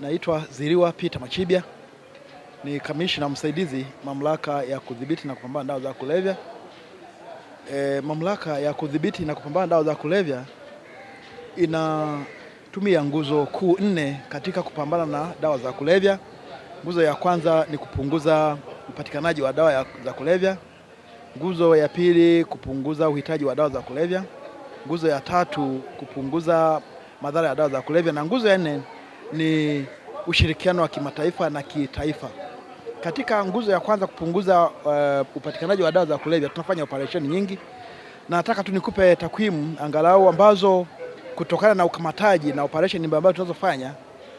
Naitwa Ziriwa Peter Machibia, ni kamishna msaidizi mamlaka ya kudhibiti na kupambana dawa za kulevya. E, mamlaka ya kudhibiti na kupambana dawa za kulevya inatumia nguzo kuu nne katika kupambana na dawa za kulevya. Nguzo ya kwanza ni kupunguza upatikanaji wa dawa za kulevya. Nguzo ya pili kupunguza uhitaji wa dawa za kulevya. Nguzo ya tatu kupunguza madhara ya dawa za kulevya, na nguzo ya nne ni ushirikiano wa kimataifa na kitaifa. Katika nguzo ya kwanza kupunguza uh, upatikanaji wa dawa za kulevya, tunafanya operesheni nyingi, na nataka tu nikupe takwimu angalau ambazo kutokana na ukamataji na operesheni ambazo tunazofanya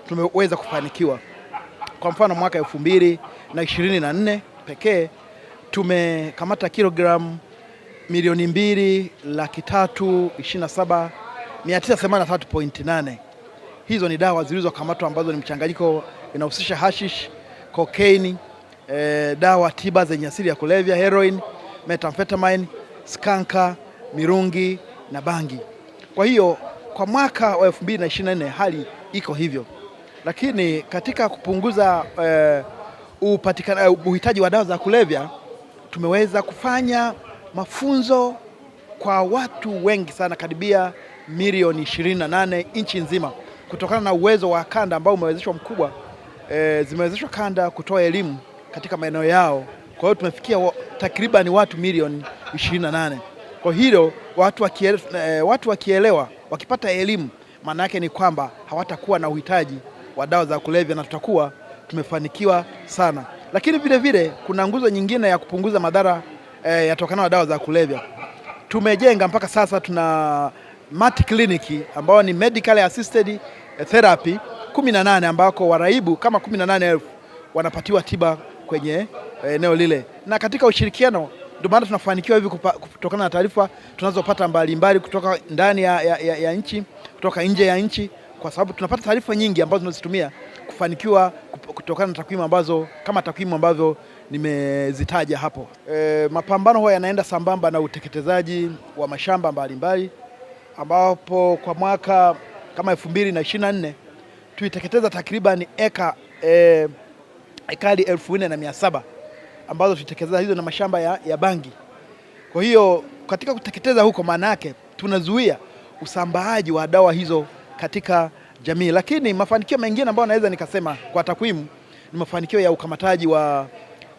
tumeweza kufanikiwa. Kwa mfano mwaka elfu mbili na ishirini na nne pekee tumekamata kilogramu milioni mbili laki tatu ishirini na saba mia tisa themanini na tatu pointi nane Hizo ni dawa zilizokamatwa ambazo ni mchanganyiko, inahusisha hashish, kokaini, e, eh, dawa tiba zenye asili ya kulevya, heroin, methamphetamine, skanka, mirungi na bangi. Kwa hiyo kwa mwaka wa 2024 hali iko hivyo, lakini katika kupunguza e, upatikana uhitaji wa dawa za kulevya tumeweza kufanya mafunzo kwa watu wengi sana, karibia milioni 28 nchi nzima kutokana na uwezo wa kanda ambao umewezeshwa mkubwa e, zimewezeshwa kanda kutoa elimu katika maeneo yao. Kwa hiyo tumefikia wa, takriban watu milioni 28. Kwa hilo watu wakielewa, eh, watu wakielewa wakipata elimu, maana yake ni kwamba hawatakuwa na uhitaji wa dawa za kulevya na tutakuwa tumefanikiwa sana. Lakini vile vile kuna nguzo nyingine ya kupunguza madhara e, eh, yatokana na dawa za kulevya. Tumejenga mpaka sasa tuna MAT Clinic ambayo ni medical assisted therapy 18 ambako waraibu kama 18,000 wanapatiwa tiba kwenye eh, eneo lile, na katika ushirikiano ndio maana tunafanikiwa hivi kutokana na taarifa tunazopata mbalimbali kutoka ndani ya, ya, ya, ya nchi kutoka nje ya nchi, kwa sababu tunapata taarifa nyingi ambazo tunazitumia kufanikiwa kutokana na takwimu ambazo kama takwimu ambazo nimezitaja hapo. E, mapambano huwa yanaenda sambamba na uteketezaji wa mashamba mbalimbali mbali ambapo kwa mwaka kama elfu mbili na ishirini na nne tuliteketeza takriban eka e, ekari elfu nne na mia saba ambazo tuliteketeza hizo na mashamba ya, ya bangi. Kwa hiyo katika kuteketeza huko, maana yake tunazuia usambaaji wa dawa hizo katika jamii. Lakini mafanikio mengine ambayo naweza nikasema kwa takwimu ni mafanikio ya ukamataji wa,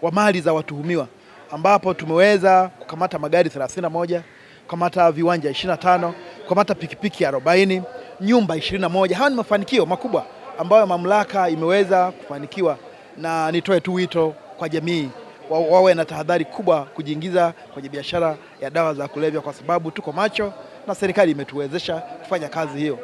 wa mali za watuhumiwa ambapo tumeweza kukamata magari 31, kukamata viwanja 25 kukamata pikipiki 40, nyumba 21. Hawa ni mafanikio makubwa ambayo mamlaka imeweza kufanikiwa, na nitoe tu wito kwa jamii wawe na tahadhari kubwa kujiingiza kwenye biashara ya dawa za kulevya, kwa sababu tuko macho na serikali imetuwezesha kufanya kazi hiyo.